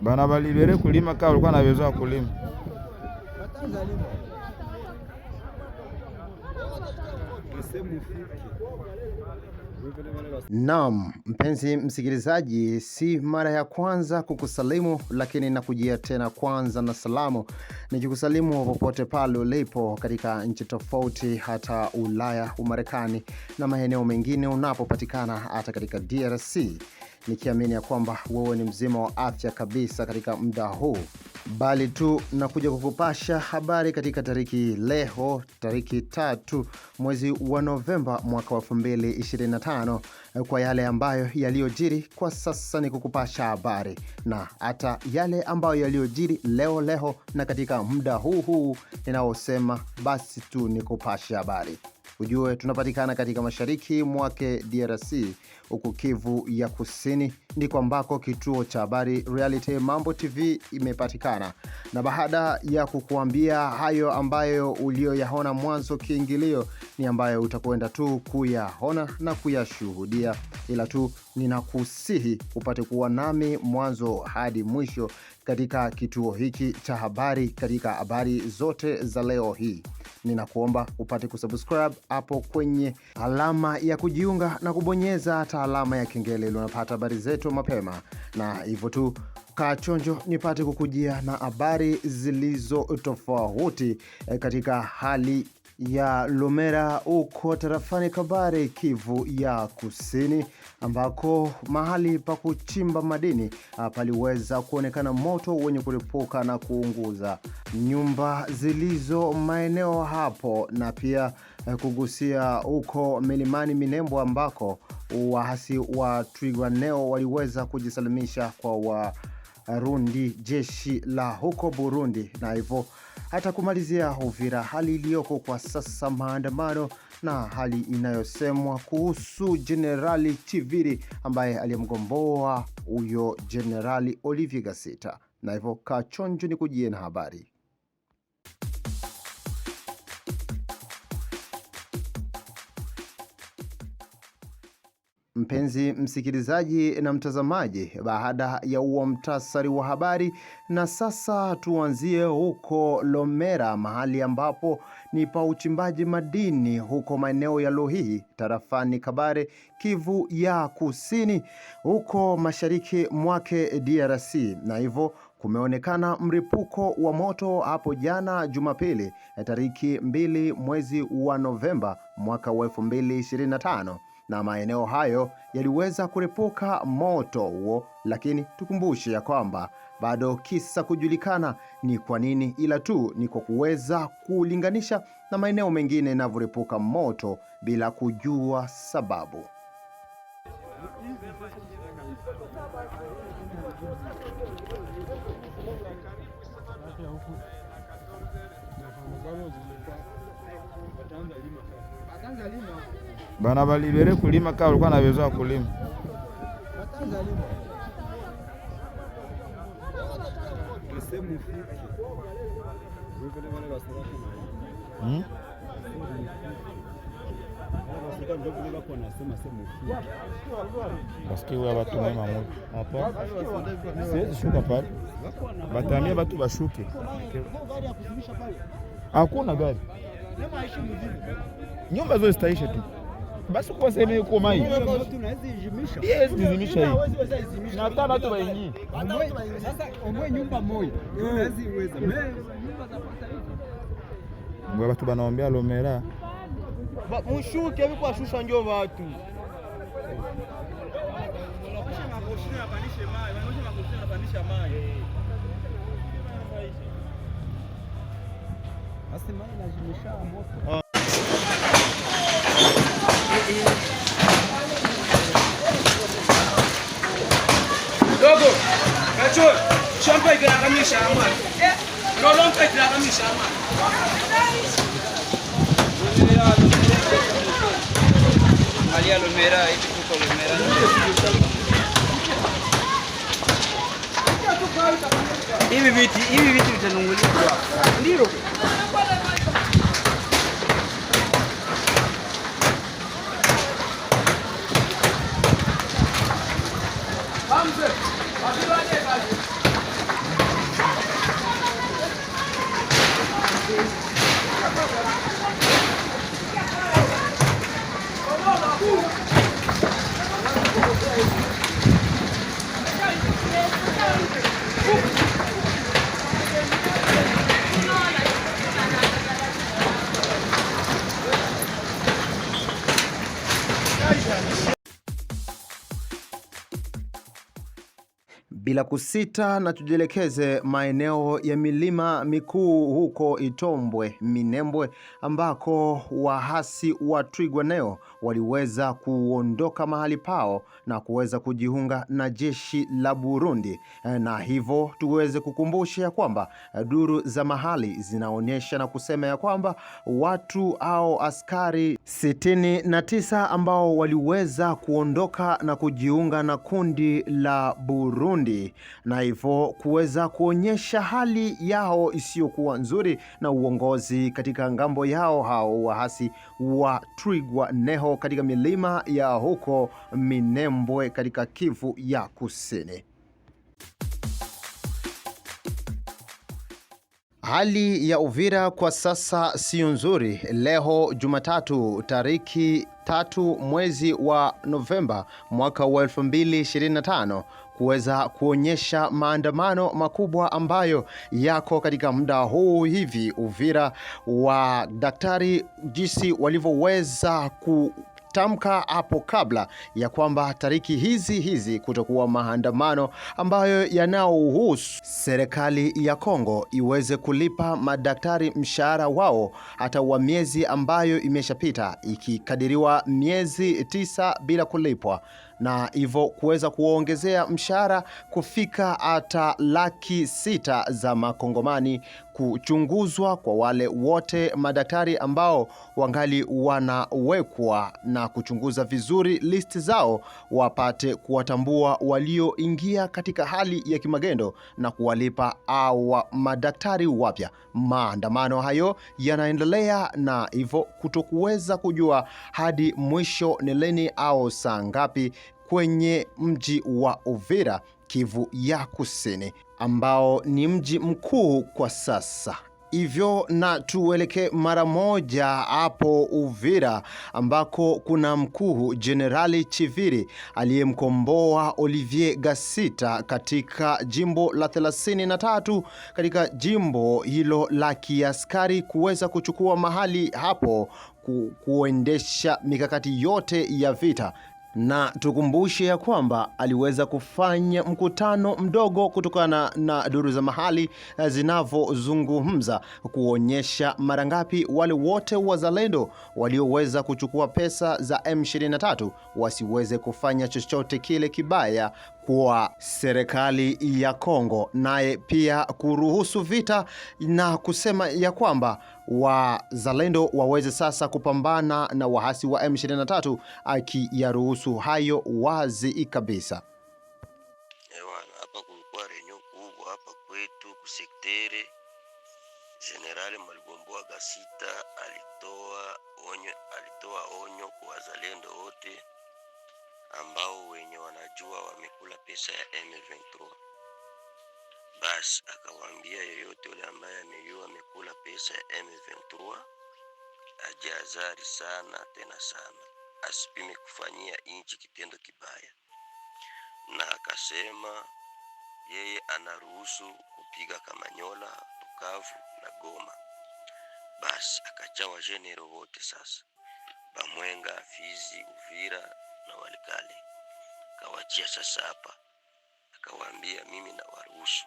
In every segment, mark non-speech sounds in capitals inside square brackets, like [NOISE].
Bana balibere kulima kaa walikuwa na uwezo wa kulima. Naam, mpenzi msikilizaji, si mara ya kwanza kukusalimu, lakini nakujia tena kwanza na salamu, nikikusalimu popote pale ulipo katika nchi tofauti, hata Ulaya, Umarekani na maeneo mengine unapopatikana, hata katika DRC nikiamini ya kwamba wewe ni mzima wa afya kabisa katika muda huu, bali tu nakuja kukupasha habari katika tariki leho tariki tatu mwezi wa Novemba mwaka wa 2025 kwa yale ambayo yaliyojiri kwa sasa ni kukupasha habari na hata yale ambayo yaliyojiri leo leho na katika muda huu huu ninaosema, basi tu ni kupasha habari. Ujue tunapatikana katika mashariki mwake DRC, huku Kivu ya Kusini ndiko ambako kituo cha habari Reality Mambo TV imepatikana. Na baada ya kukuambia hayo ambayo uliyoyaona mwanzo, kiingilio ni ambayo utakwenda tu kuyaona na kuyashuhudia, ila tu ninakusihi upate kuwa nami mwanzo hadi mwisho katika kituo hiki cha habari, katika habari zote za leo hii ninakuomba upate kusubscribe hapo kwenye alama ya kujiunga na kubonyeza hata alama ya kengele ili unapata habari zetu mapema, na hivyo tu kaa chonjo nipate kukujia na habari zilizo tofauti eh, katika hali ya Lumera huko tarafani Kabare, Kivu ya Kusini, ambako mahali pa kuchimba madini ah, paliweza kuonekana moto wenye kulipuka na kuunguza nyumba zilizo maeneo hapo na pia eh, kugusia huko milimani minembo ambako waasi wa Twirwaneho waliweza kujisalimisha kwa Warundi jeshi la huko Burundi na hivyo atakumalizia Uvira hali iliyoko kwa sasa, maandamano na hali inayosemwa kuhusu Jenerali Chiviri ambaye aliyemgomboa huyo Jenerali Olivier Gasita. Na hivyo kachonjo chonjo ni kujie na habari. Mpenzi msikilizaji na mtazamaji, baada ya huo mtasari wa habari, na sasa tuanzie huko Lomera, mahali ambapo ni pa uchimbaji madini huko maeneo ya Luhihi tarafani Kabare, Kivu ya Kusini, huko mashariki mwake DRC, na hivyo kumeonekana mripuko wa moto hapo jana Jumapili, eh, tariki mbili mwezi wa Novemba mwaka wa 2025 na maeneo hayo yaliweza kurepuka moto huo, lakini tukumbushe ya kwamba bado kisa kujulikana ni kwa nini, ila tu ni kwa kuweza kulinganisha na maeneo mengine yanavyorepuka moto bila kujua sababu. Bana balibere kulima ka walikuwa na uwezo wa kulima. Hmm? batu mema batu bashuke, hakuna gari nyumba zote zitaisha tu basi kwa sehemu iko mai yes, zizimisha hii na hata watu waingie sasa, omwe nyumba moja unaweza iweza mwe watu banaombea lomera mushuke viko ashusha njo watu Dogo, kacho, shamba ikinakamisha amani. Lolonka ikinakamisha amani. Maria Lumera, hivi tuko Lumera. Hivi viti, hivi viti vitanungulia. Ndio. Bila kusita na tujielekeze maeneo ya milima mikuu huko Itombwe, Minembwe ambako wahasi wa Twirwaneho waliweza kuondoka mahali pao na kuweza kujiunga na jeshi la Burundi, eh, na hivyo tuweze kukumbusha ya kwamba eh, duru za mahali zinaonyesha na kusema ya kwamba watu au askari sitini na tisa ambao waliweza kuondoka na kujiunga na kundi la Burundi, na hivyo kuweza kuonyesha hali yao isiyokuwa nzuri na uongozi katika ngambo yao hao waasi wa Twigwaneho katika milima ya huko Minembwe katika Kivu ya Kusini. Hali ya Uvira kwa sasa siyo nzuri. Leo Jumatatu tariki tatu mwezi wa Novemba mwaka wa 2025 kuweza kuonyesha maandamano makubwa ambayo yako katika muda huu hivi Uvira wa daktari jinsi walivyoweza ku kutamka hapo kabla ya kwamba tariki hizi hizi kutokuwa maandamano ambayo yanaohusu serikali ya Kongo iweze kulipa madaktari mshahara wao hata wa miezi ambayo imeshapita ikikadiriwa miezi tisa bila kulipwa na hivyo kuweza kuongezea mshahara kufika hata laki sita za makongomani kuchunguzwa kwa wale wote madaktari ambao wangali wanawekwa na kuchunguza vizuri listi zao, wapate kuwatambua walioingia katika hali ya kimagendo na kuwalipa awa madaktari wapya. Maandamano hayo yanaendelea na hivyo kutokuweza kujua hadi mwisho ni lini au saa ngapi kwenye mji wa Uvira Kivu ya Kusini, ambao ni mji mkuu kwa sasa. Hivyo na tuelekee mara moja hapo Uvira ambako kuna mkuu Jenerali Chiviri aliyemkomboa Olivier Gasita katika jimbo la 33 katika jimbo hilo la kiaskari kuweza kuchukua mahali hapo kuendesha mikakati yote ya vita na tukumbushe ya kwamba aliweza kufanya mkutano mdogo kutokana na, duru za mahali eh, zinavyozungumza kuonyesha mara ngapi wale wote wazalendo walioweza kuchukua pesa za M23 wasiweze kufanya chochote kile kibaya kuwa serikali ya Kongo, naye pia kuruhusu vita na kusema ya kwamba wazalendo waweze sasa kupambana na waasi wa M23, akiyaruhusu hayo wazi kabisa. Hapa kulikuwa renyo kubwa hapa kwetu kusektere. Generali Malibombo Agasita alitoa onyo, alitoa onyo kwa wazalendo wote ambao wenye wanajua wamekula pesa ya M23. Basi akawaambia yeyote yule ambaye amejua amekula pesa ya M23 ajiazari sana tena sana, asipime kufanyia nchi kitendo kibaya. Na akasema yeye anaruhusu kupiga Kamanyola, Bukavu na Goma. Basi akachawa jenero wote sasa, Bamwenga, Fizi, Uvira na walikali. Akawachia sasa hapa, akawaambia mimi na waruhusu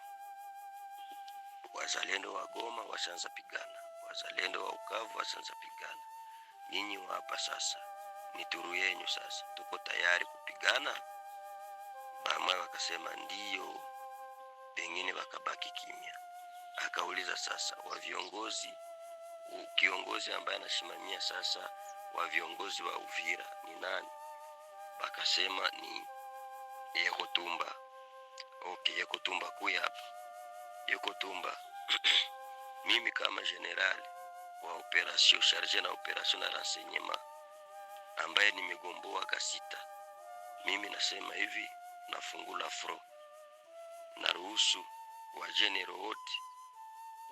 wazalendo wa Goma washaanza pigana, wazalendo wa Ukavu washaanza pigana, nyinyi wa hapa sasa ni turu yenyu, sasa tuko tayari kupigana. Mama wakasema ndiyo, pengine wakabaki kimya. Akauliza sasa wa viongozi, kiongozi ambaye anasimamia sasa wa viongozi wa Uvira ni nani? akasema ni yeko tumba Okay, Yekotumba kuya hapa tumba [CLEARS THROAT] Mimi kama general wa operation charge na operation na renseignement ambaye nimegomboa Kasita, mimi nasema hivi, nafungula fro na ruhusu wa general wote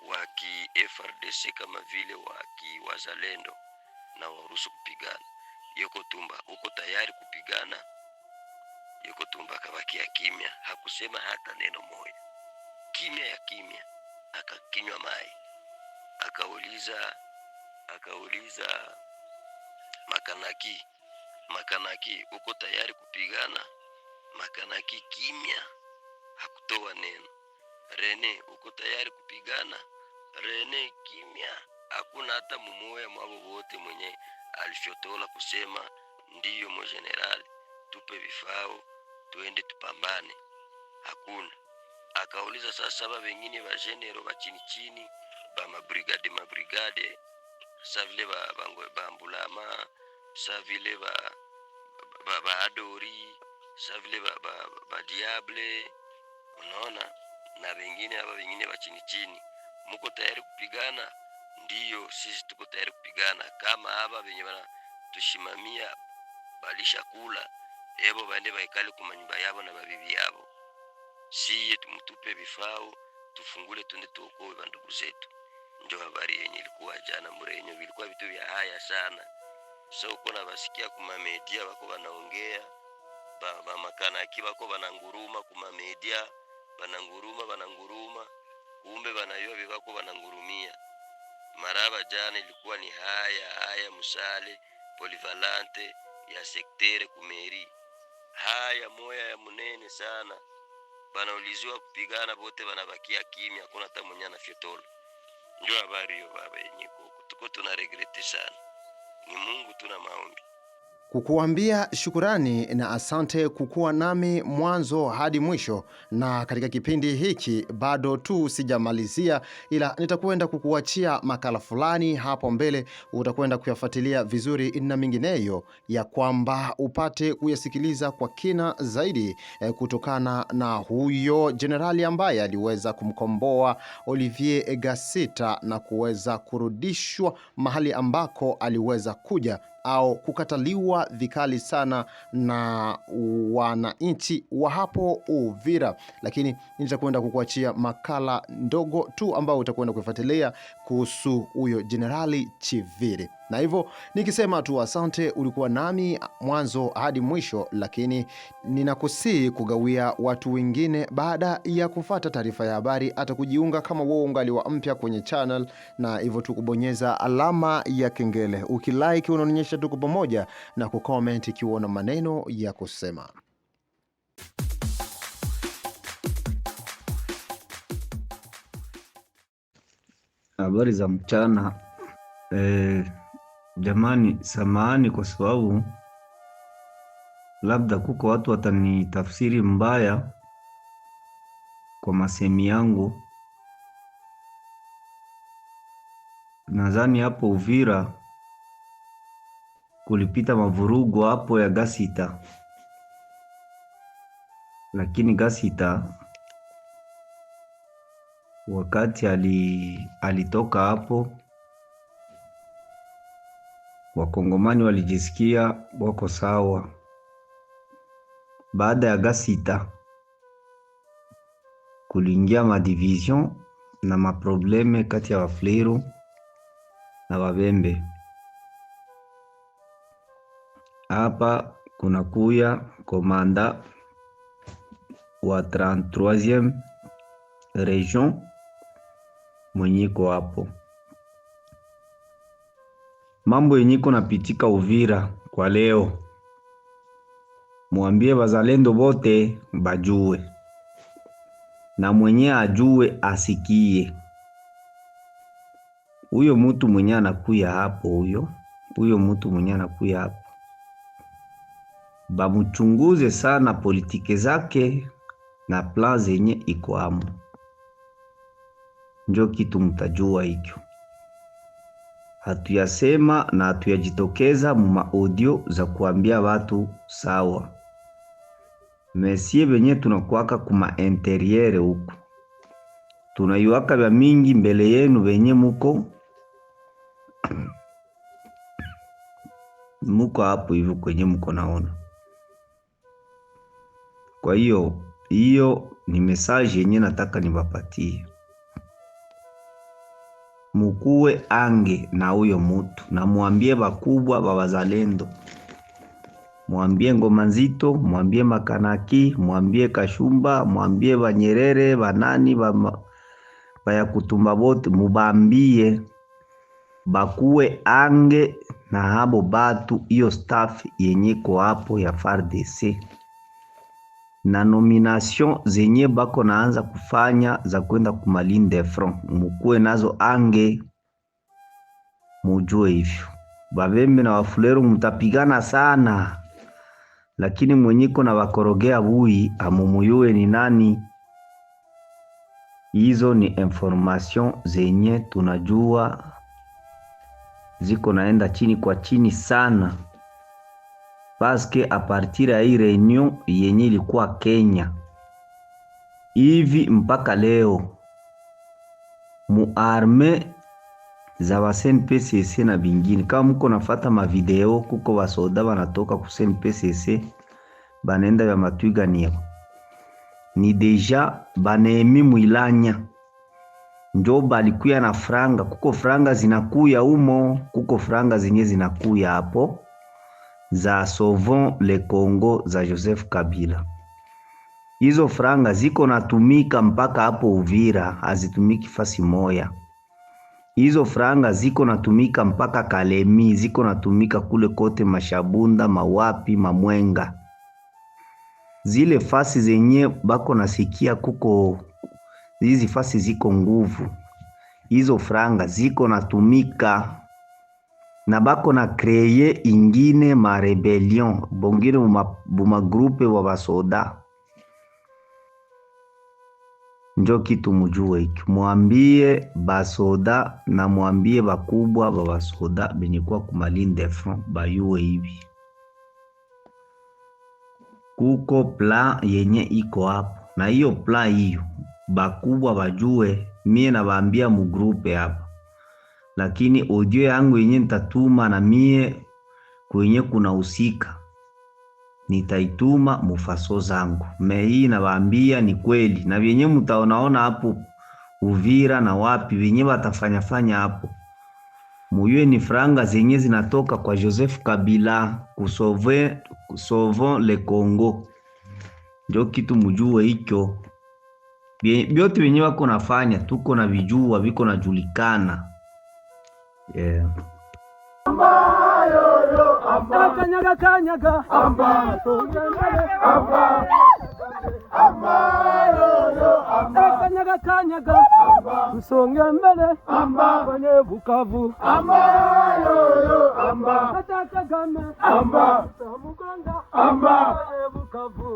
wa ki FRDC kama vile wa ki wazalendo na waruhusu kupigana Yuko Tumba uko tayari kupigana. Yuko Tumba akabakia kimya, hakusema hata neno moja, kimya ya kimya. Akakinywa mai, akauliza akauliza Makanaki, Makanaki, uko tayari kupigana? Makanaki kimya, hakutoa neno. Rene, uko tayari kupigana? Rene kimya, hakuna hata mumoya mwavo wote mwenye alivyotola kusema, ndiyo mojenerali, tupe vifao tuende tupambane. Hakuna. Akauliza sasa ba vengine ba general ba chini chini ba mabrigade mabrigade sa vile ba bango ba mbulama sa vile ba ba, ba adori sa vile ba, ba, ba diable unaona, na vengine aba vengine ba chini chini, muko tayari kupigana? ndiyo sisi tuko tayari kupigana kama hapa venye bana tushimamia balisha kula ebo baende baikali kwa manyumba yabo na mabibi yabo. Siye tumtupe vifao tufungule tunde tuokoe bandugu zetu. Ndio habari yenye ilikuwa jana murenyo, vilikuwa vitu vya haya sana. So uko na basikia kwa kumamedia bako banaongea ba, ba makanaki bako bananguruma kumamedia bananguruma bananguruma, kumbe banayua bibako banangurumia Maraba jana ilikuwa ni haya haya, musale polivalante ya sektere kumeri haya moya ya munene sana, banauliziwa kupigana bote, banabakia kimya, hakuna hata mwenye anafyotola. Ndio habari hiyo baba, yenye kuko tuko tunaregrete sana, ni Mungu tuna maombi kukuambia shukurani na asante kukuwa nami mwanzo hadi mwisho. Na katika kipindi hiki bado tu sijamalizia, ila nitakwenda kukuachia makala fulani hapo mbele, utakwenda kuyafuatilia vizuri na mingineyo, ya kwamba upate kuyasikiliza kwa kina zaidi, e, kutokana na huyo jenerali ambaye aliweza kumkomboa Olivier Gasita na kuweza kurudishwa mahali ambako aliweza kuja au kukataliwa vikali sana na wananchi wa hapo Uvira, lakini nitakwenda kukuachia makala ndogo tu ambayo utakwenda kuifuatilia kuhusu huyo Jenerali Chiviri na hivyo nikisema tu asante, ulikuwa nami mwanzo hadi mwisho, lakini ninakusii kugawia watu wengine baada ya kufata taarifa ya habari, hata kujiunga kama wewe wa mpya kwenye channel, na hivyo tu kubonyeza alama ya kengele. Ukilike unaonyesha tuko pamoja, na kucomment ikiwa na maneno ya kusema. Habari za mchana eh. Jamani, samahani kwa sababu labda kuko watu watanitafsiri mbaya kwa masemi yangu. Nadhani hapo Uvira kulipita mavurugu hapo ya Gasita, lakini Gasita wakati ali, alitoka hapo Wakongomani walijisikia wako sawa. Baada ya gasita kulingia madivision na maprobleme kati ya Wafleru na Wabembe. Hapa kuna kuya komanda wa 33e region mwenyiko hapo mambo yenye iko napitika Uvira kwa leo, mwambie bazalendo bote bajue, na mwenye ajue asikie. Huyo mutu mwenye anakuya hapo, huyo huyo mutu mwenye anakuya hapo, bamuchunguze sana politike zake na plan zenye iko amo, njo kitu mtajua hicho hatuyasema na hatuyajitokeza mu maudio za kuambia watu sawa, mesie venye tunakuwaka kuma interiere huku tunaiwaka vya mingi mbele yenu venye muko [CLEARS THROAT] muko hapo hivyo kwenye mko naona. Kwa hiyo hiyo ni message yenye nataka nibapatie mukuwe ange na huyo mutu, na mwambie bakubwa ba bazalendo, mwambie Ngoma Nzito, mwambie Makanaki, mwambie Kashumba, mwambie Banyerere, banani baya kutumba bote, mubambie bakuwe ange na habo batu, hiyo staff yenye ko hapo ya FARDC na nomination zenye bako naanza kufanya za kwenda kumalinde front, mukuwe nazo ange mujue hivyo. Babembe na Wafuleru mtapigana sana, lakini mwenyiko na wakorogea bui amumuyue ni nani. Hizo ni information zenye tunajua ziko naenda chini kwa chini sana paske apartir ya hii reunion yenye ilikuwa Kenya hivi mpaka leo muarme za wa CNPSC na bingine, kama muko nafata mavideo, kuko wasoda wanatoka ku CNPSC banenda ya niyo ni deja baneemi mwilanya njo balikuya na franga, kuko franga zinakuya umo, kuko franga zinye zinakuya hapo za Sauvons le Congo za Joseph Kabila. Hizo franga ziko natumika mpaka hapo Uvira, hazitumiki fasi moya. Hizo franga ziko natumika mpaka Kalemi, ziko natumika kule kote Mashabunda, Mawapi, Mamwenga, zile fasi zenye bako nasikia kuko hizi fasi ziko nguvu. Hizo franga ziko natumika na bako na kreye ingine marebelion bongine bumagrupe buma wa basoda njo kitu mujue iki, mwambie basoda na mwambie bakubwa ba basoda benyekuwa kumalinde front bayuwe hivi kuko plan yenye iko hapo, na hiyo plan hiyo bakubwa bajue, mie nabaambia mugrupe hapa lakini audio yangu yenye nitatuma na mie kwenye usika nitaituma mufaso zangu hii nawaambia ni kweli, na vyenye mtaonaona hapo Uvira na wapi vyenye watafanyafanya hapo, muyue ni franga zenye zinatoka kwa Joseph Kabila kusove kusove le Congo. Ndio kitu mujue hicho, vyote vyenye wako nafanya tuko na vijua viko najulikana yeah kanyaga dusonge mbere abanyebukavu kata kagame samuganda abanyebukavu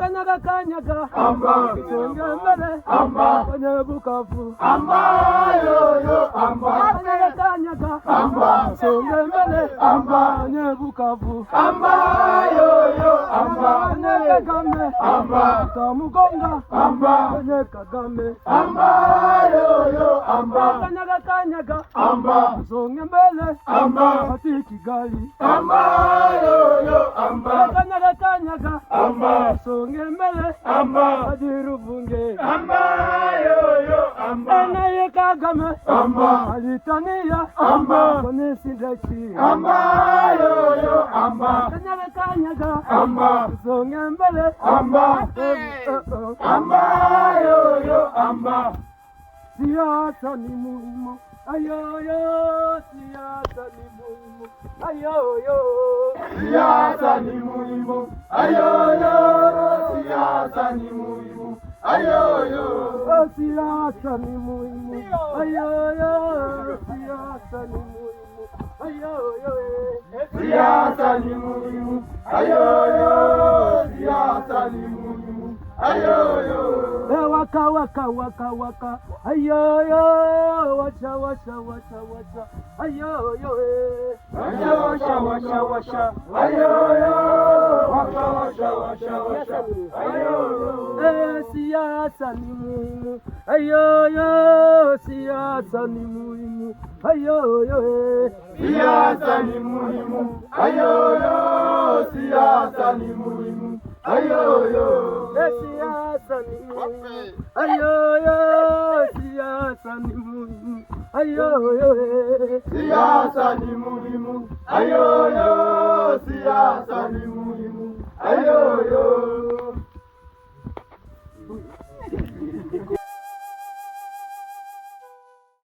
kanyaga kanyaga dusonge mbere abanyebukavu kanyaga kanyaga dusonge mbere abanyebukavu kanyaga amba kamugonga amba kwenye Kagame amba yo yo. amba kanyaga amba songe mbele amba ati kigali amba yo yo, amba kanyaga kanyaga amba songe mbele amba ati ruvunge amba yo, amba ene kagame amba alitania amba kone sindachi amba yo yo, amba kanyaga kanyaga amba songe mbele amba amba yoyo amba Siasa ni muhimu, ayoyo, siasa ni muhimu, ayoyo, siasa ni muhimu, ayoyo, siasa ni muhimu, ayoyo, oh, siasa ni muhimu, ayoyo, siasa ni muhimu, ayoyo, siasa ni muhimu, ayoyo, siasa ni muhimu. Ayo waka waka waka waka ayo yo washa washa washa washa ayo yo ayo washa washa washa ayo yo washa washa washa washa ayo yo siyasa ni muhimu ayo yo eh, siyasa ni muhimu ayo yo siyasa ni muhimu ayo yo siasa ni muhimu ayo yo eh siyasani ayo yo siyasani muhimu ayo yo siyasani muhimu ayo yo siyasani muhimu ayo yo